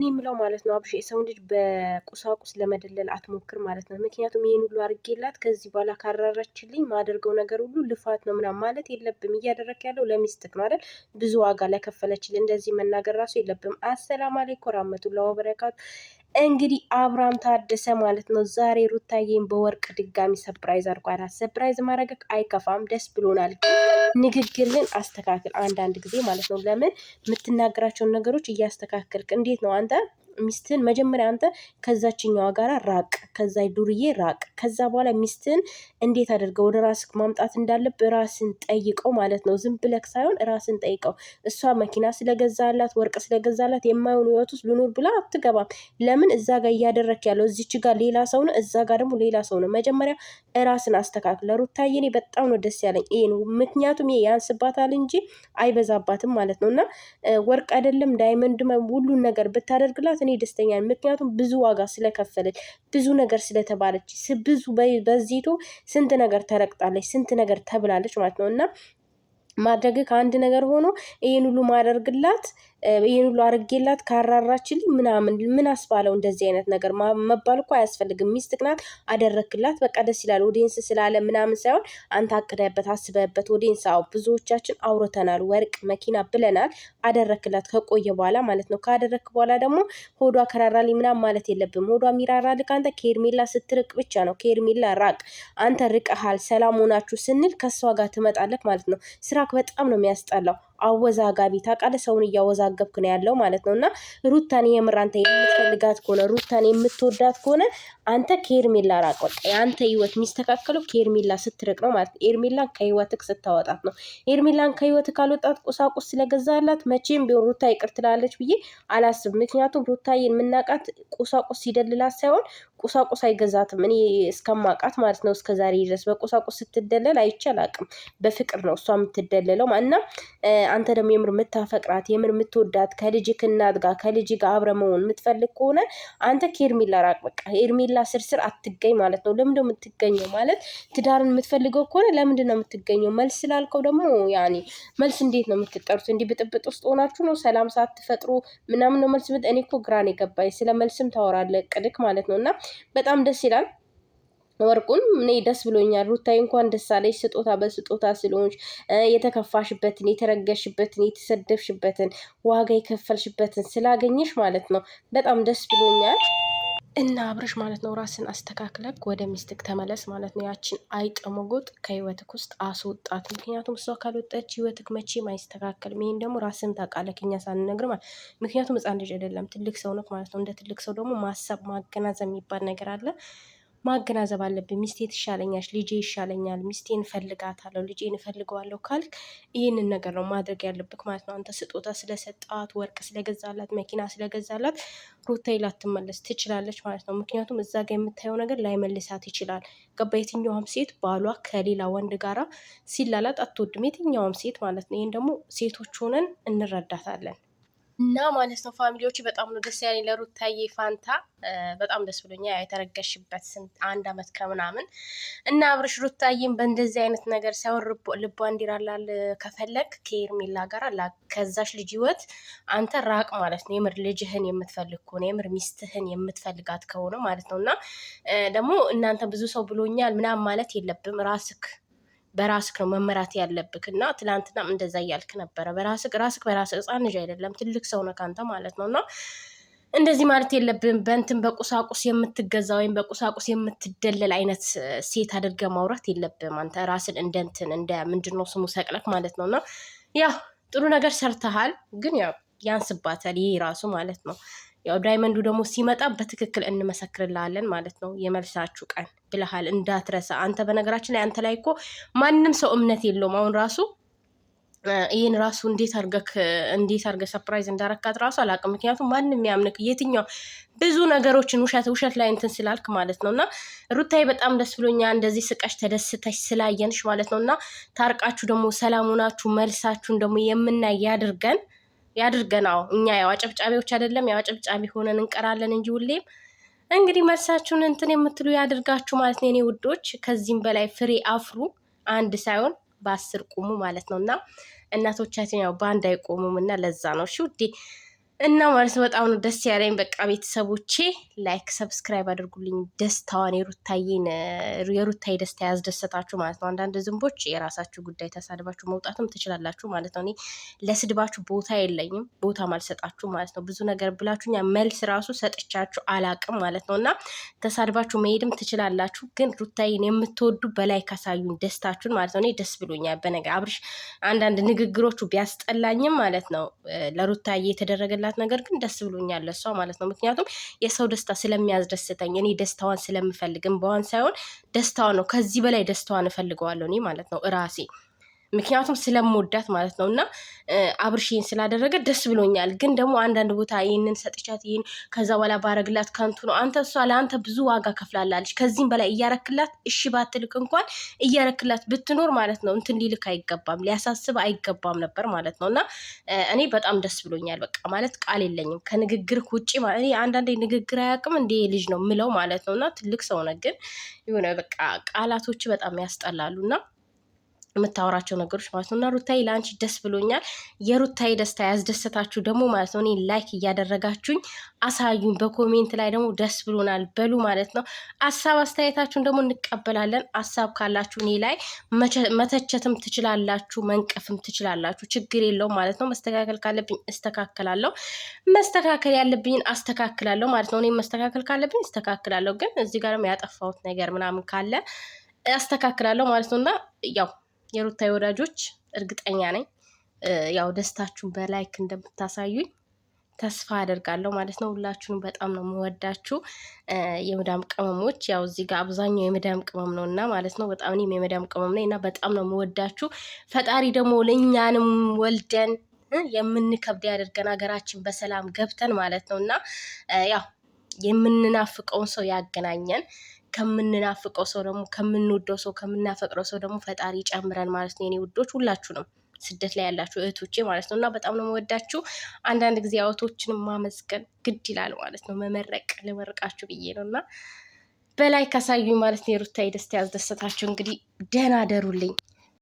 እኔ የምለው ማለት ነው አብሽ የሰው ልጅ በቁሳቁስ ለመደለል አትሞክር ማለት ነው። ምክንያቱም ይህን ሁሉ አድርጌላት ከዚህ በኋላ ካራራችልኝ ማደርገው ነገር ሁሉ ልፋት ነው ምናምን ማለት የለብም። እያደረክ ያለው ለሚስትክ ማለት ብዙ ዋጋ ለከፈለችል እንደዚህ መናገር ራሱ የለብም። አሰላም አሌኩም ወራህመቱላሂ ወበረካቱ እንግዲህ አብራም ታደሰ ማለት ነው ዛሬ ሩታዬን በወርቅ ድጋሚ ሰፕራይዝ አድርጓታል። ሰፕራይዝ ማድረግ አይከፋም፣ ደስ ብሎናል። ንግግር አስተካክል አንዳንድ ጊዜ ማለት ነው። ለምን የምትናገራቸውን ነገሮች እያስተካከልክ እንዴት ነው አንተ ሚስትህን መጀመሪያ አንተ ከዛችኛዋ ጋራ ራቅ፣ ከዛ ዱርዬ ራቅ። ከዛ በኋላ ሚስትህን እንዴት አድርገው ወደ ራስህ ማምጣት እንዳለብህ ራስን ጠይቀው ማለት ነው። ዝም ብለህ ሳይሆን ራስን ጠይቀው። እሷ መኪና ስለገዛላት ወርቅ ስለገዛላት የማይሆኑ ህይወት ውስጥ ልኑር ብላ አትገባም። ለምን እዛ ጋር እያደረክ ያለው እዚች ጋር ሌላ ሰው ነው፣ እዛ ጋር ደግሞ ሌላ ሰው ነው። መጀመሪያ ራስን አስተካክለ። ሩታዬ እኔ በጣም ነው ደስ ያለኝ ይሄ ነው። ምክንያቱም ይሄ ያንስባታል እንጂ አይበዛባትም ማለት ነው። እና ወርቅ አይደለም ዳይመንድ ሁሉን ነገር ብታደርግላት እኔ ደስተኛ ምክንያቱም ብዙ ዋጋ ስለከፈለች፣ ብዙ ነገር ስለተባለች፣ ብዙ በዚቱ ስንት ነገር ተረቅጣለች፣ ስንት ነገር ተብላለች ማለት ነው እና ማድረግ ከአንድ ነገር ሆኖ ይህን ሁሉ ማደርግላት ይህን ሁሉ አድርጌላት ካራራችልኝ ምናምን ምን አስባለው እንደዚህ አይነት ነገር መባል እኮ አያስፈልግም። ሚስት ቅናት አደረክላት በቃ ደስ ይላል። ኦዲየንስ ስላለ ምናምን ሳይሆን አንተ አቅደህበት አስበህበት ኦዲየንስ። አዎ ብዙዎቻችን አውርተናል፣ ወርቅ መኪና ብለናል። አደረክላት ከቆየ በኋላ ማለት ነው። ካደረክ በኋላ ደግሞ ሆዷ ከራራልኝ ምናምን ማለት የለብም። ሆዷ የሚራራልህ አንተ ከሄርሜላ ስትርቅ ብቻ ነው። ከሄርሜላ ራቅ። አንተ ርቀሃል። ሰላም ሆናችሁ ስንል ከእሷ ጋር ትመጣለህ ማለት ነው። ስራ ምራቅ በጣም ነው የሚያስጠላው። አወዛጋቢ ታውቃለህ፣ ሰውን እያወዛገብክ ነው ያለው ማለት ነው። እና ሩታን የምር አንተ የምትፈልጋት ከሆነ ሩታን የምትወዳት ከሆነ አንተ ከኤርሜላ ራቅ። በቃ የአንተ ህይወት የሚስተካከለው ከኤርሜላ ስትርቅ ነው ማለት ነው። ኤርሜላን ከህይወትክ ስታወጣት ነው። ኤርሜላን ከህይወት ካልወጣት ቁሳቁስ ስለገዛላት መቼም ቢሆን ሩታ ይቅር ትላለች ብዬ አላስብ። ምክንያቱም ሩታ የምናቃት ቁሳቁስ ሲደልላት ሳይሆን ቁሳቁስ አይገዛትም። እኔ እስከማቃት ማለት ነው። እስከዛሬ ድረስ በቁሳቁስ ስትደለል አይቼ አላቅም። በፍቅር ነው እሷ የምትደለለው እና አንተ ደግሞ የምር የምታፈቅራት የምር የምትወዳት ከልጅ ክናት ጋር ከልጅ ጋር አብረ መሆን የምትፈልግ ከሆነ አንተ ከኤርሚላ ራቅ። በቃ ኤርሚላ ስርስር አትገኝ ማለት ነው። ለምንድነው የምትገኘው? ማለት ትዳርን የምትፈልገው ከሆነ ለምንድን ነው የምትገኘው? መልስ ስላልከው ደግሞ ያኔ መልስ እንዴት ነው የምትጠሩት? እንዲህ ብጥብጥ ውስጥ ሆናችሁ ነው ሰላም ሳትፈጥሩ ምናምን ነው መልስ። እኔ እኮ ግራን የገባኝ ስለ መልስም ታወራለህ ቅድክ ማለት ነው። እና በጣም ደስ ይላል። ወርቁን እኔ ደስ ብሎኛል። ሩታዬ እንኳን ደስ አለሽ። ስጦታ በስጦታ ስለሆንሽ የተከፋሽበትን፣ የተረገሽበትን፣ የተሰደብሽበትን ዋጋ የከፈልሽበትን ስላገኘሽ ማለት ነው በጣም ደስ ብሎኛል። እና አብረሽ ማለት ነው ራስን አስተካክለክ ወደ ሚስትክ ተመለስ ማለት ነው። ያችን ሞጎጥ ከህይወትክ ውስጥ አስወጣት። ምክንያቱም እሷ ካልወጣች ህይወትክ መቼም አይስተካከልም። ይህን ደግሞ ራስን ታውቃለህ፣ እኛ ሳንነግር ማለት ምክንያቱም ህፃን ልጅ አይደለም ትልቅ ሰው ማለት ነው። እንደ ትልቅ ሰው ደግሞ ማሰብ ማገናዘብ የሚባል ነገር አለ። ማገናዘብ አለብ ሚስቴ ትሻለኛች፣ ልጄ ይሻለኛል፣ ሚስቴን እፈልጋታለሁ፣ ልጄን እፈልገዋለሁ ካልክ ይህንን ነገር ነው ማድረግ ያለብክ ማለት ነው። አንተ ስጦታ ስለሰጣት፣ ወርቅ ስለገዛላት፣ መኪና ስለገዛላት ሩታ ላትመለስ ትችላለች ማለት ነው። ምክንያቱም እዛ ጋር የምታየው ነገር ላይመልሳት ይችላል። ገባ? የትኛውም ሴት ባሏ ከሌላ ወንድ ጋራ ሲላላት አትወድም፣ የትኛውም ሴት ማለት ነው። ይህን ደግሞ ሴቶች ሆነን እንረዳታለን። እና ማለት ነው ፋሚሊዎች በጣም ነው ደስ ያለኝ። ለሩታዬ ፋንታ በጣም ደስ ብሎኛ የተረገሽበት ስንት አንድ አመት ከምናምን እና አብርሽ ሩታዬም በእንደዚህ አይነት ነገር ሳይሆን ልቧ እንዲራላል ከፈለግ ከኤርሜላ ጋር ከዛሽ ልጅ ህይወት አንተ ራቅ ማለት ነው። የምር ልጅህን የምትፈልግ ከሆነ የምር ሚስትህን የምትፈልጋት ከሆነ ማለት ነው እና ደግሞ እናንተ ብዙ ሰው ብሎኛል ምናምን ማለት የለብም ራስክ በራስክ ነው መመራት ያለብክ እና ትላንትናም እንደዛ እያልክ ነበረ። በራስክ ራስክ በራስክ ህፃን ልጅ አይደለም ትልቅ ሰው ነህ አንተ ማለት ነው እና እንደዚህ ማለት የለብን። በእንትን በቁሳቁስ የምትገዛ ወይም በቁሳቁስ የምትደለል አይነት ሴት አድርገ ማውራት የለብም። አንተ ራስን እንደ እንትን እንደ ምንድን ነው ስሙ ሰቅለክ ማለት ነው እና ያው ጥሩ ነገር ሰርተሃል፣ ግን ያው ያንስባታል ይህ ራሱ ማለት ነው። ያው ዳይመንዱ ደግሞ ሲመጣ በትክክል እንመሰክርላለን ማለት ነው። የመልሳችሁ ቀን ብለሃል እንዳትረሳ። አንተ በነገራችን ላይ አንተ ላይ እኮ ማንም ሰው እምነት የለውም። አሁን ራሱ ይህን ራሱ እንዴት አርገክ እንዴት አርገ ሰፕራይዝ እንዳረካት ራሱ አላውቅም። ምክንያቱም ማንም ያምንክ የትኛው ብዙ ነገሮችን ውሸት ውሸት ላይ እንትን ስላልክ ማለት ነው። እና ሩታዬ በጣም ደስ ብሎኛ እንደዚህ ስቀሽ ተደስተሽ ስላየንሽ ማለት ነው። እና ታርቃችሁ ደግሞ ሰላሙናችሁ መልሳችሁን ደግሞ የምናይ ያድርገን። ያድርገናው እኛ ያው አጨብጫቢዎች አይደለም፣ ያው አጨብጫቢ ሆነን እንቀራለን እንጂ ሁሌም እንግዲህ መልሳችሁን እንትን የምትሉ ያድርጋችሁ ማለት ነው የኔ ውዶች። ከዚህም በላይ ፍሬ አፍሩ፣ አንድ ሳይሆን በአስር ቁሙ ማለት ነው እና እናቶቻችን ያው በአንድ አይቆሙም እና ለዛ ነው እሺ ውዴ እና ማለት ነው በጣም ነው ደስ ያለኝ። በቃ ቤተሰቦቼ ላይክ ሰብስክራይብ አድርጉልኝ። ደስታዋን የሩታዬን የሩታዬ ደስታ ያስደሰታችሁ ማለት ነው። አንዳንድ ዝንቦች የራሳችሁ ጉዳይ ተሳድባችሁ መውጣትም ትችላላችሁ ማለት ነው። እኔ ለስድባችሁ ቦታ የለኝም፣ ቦታ አልሰጣችሁ ማለት ነው። ብዙ ነገር ብላችሁኛ መልስ ራሱ ሰጥቻችሁ አላቅም ማለት ነው። እና ተሳድባችሁ መሄድም ትችላላችሁ፣ ግን ሩታዬን የምትወዱ በላይ ካሳዩኝ ደስታችሁን ማለት ነው። እኔ ደስ ብሎኛል። በነገር አብርሽ አንዳንድ ንግግሮቹ ቢያስጠላኝም ማለት ነው ለሩታዬ የተደረገላ ያላት ነገር ግን ደስ ብሎኛል ለሷ ማለት ነው። ምክንያቱም የሰው ደስታ ስለሚያስደስተኝ እኔ ደስታዋን ስለምፈልግም በዋን ሳይሆን ደስታዋ ነው። ከዚህ በላይ ደስታዋን እፈልገዋለሁ እኔ ማለት ነው እራሴ ምክንያቱም ስለምወዳት ማለት ነው። እና አብርሽን ስላደረገ ደስ ብሎኛል። ግን ደግሞ አንዳንድ ቦታ ይህንን ሰጥቻት ይህን ከዛ በኋላ ባረግላት ከንቱ ነው። አንተ እሷ ለአንተ ብዙ ዋጋ ከፍላላለች። ከዚህም በላይ እያረክላት እሺ ባትልክ እንኳን እያረክላት ብትኖር ማለት ነው እንትን ሊልክ አይገባም፣ ሊያሳስብ አይገባም ነበር ማለት ነው። እና እኔ በጣም ደስ ብሎኛል። በቃ ማለት ቃል የለኝም ከንግግር ውጭ። እኔ አንዳንዴ ንግግር አያውቅም እንደ ልጅ ነው ምለው ማለት ነው። እና ትልቅ ሰው ነህ፣ ግን የሆነ በቃ ቃላቶች በጣም ያስጠላሉ እና የምታወራቸው ነገሮች ማለት ነው። እና ሩታዬ ለአንቺ ደስ ብሎኛል። የሩታዬ ደስታ ያስደሰታችሁ ደግሞ ማለት ነው እኔ ላይክ እያደረጋችሁኝ አሳዩኝ። በኮሜንት ላይ ደግሞ ደስ ብሎናል በሉ ማለት ነው። ሀሳብ አስተያየታችሁን ደግሞ እንቀበላለን። ሀሳብ ካላችሁ እኔ ላይ መተቸትም ትችላላችሁ፣ መንቀፍም ትችላላችሁ። ችግር የለውም ማለት ነው። መስተካከል ካለብኝ እስተካከላለሁ፣ መስተካከል ያለብኝን አስተካክላለሁ ማለት ነው። እኔ መስተካከል ካለብኝ እስተካክላለሁ፣ ግን እዚህ ጋርም ያጠፋሁት ነገር ምናምን ካለ አስተካክላለሁ ማለት ነው እና ያው የሩታዬ ወዳጆች እርግጠኛ ነኝ ያው ደስታችሁን በላይክ እንደምታሳዩኝ ተስፋ አደርጋለሁ ማለት ነው። ሁላችሁንም በጣም ነው የምወዳችሁ የመዳም ቅመሞች። ያው እዚህ ጋር አብዛኛው የመዳም ቅመም ነው እና ማለት ነው በጣም እኔም የመዳም ቅመም ነኝ እና በጣም ነው የምወዳችሁ። ፈጣሪ ደግሞ ለእኛንም ወልደን የምንከብድ ያደርገን ሀገራችን በሰላም ገብተን ማለት ነው እና ያው የምንናፍቀውን ሰው ያገናኘን ከምንናፍቀው ሰው ደግሞ ከምንወደው ሰው ከምናፈቅረው ሰው ደግሞ ፈጣሪ ይጨምረን ማለት ነው የኔ ውዶች ሁላችሁንም ስደት ላይ ያላችሁ እህቶቼ ማለት ነው። እና በጣም ነው መወዳችሁ አንዳንድ ጊዜ አውቶችንም ማመስገን ግድ ይላል ማለት ነው። መመረቅ ልመርቃችሁ ብዬ ነው እና በላይ ካሳዩኝ ማለት ነው የሩታ ደስታ ያስደሰታችሁ እንግዲህ ደህና ደሩልኝ።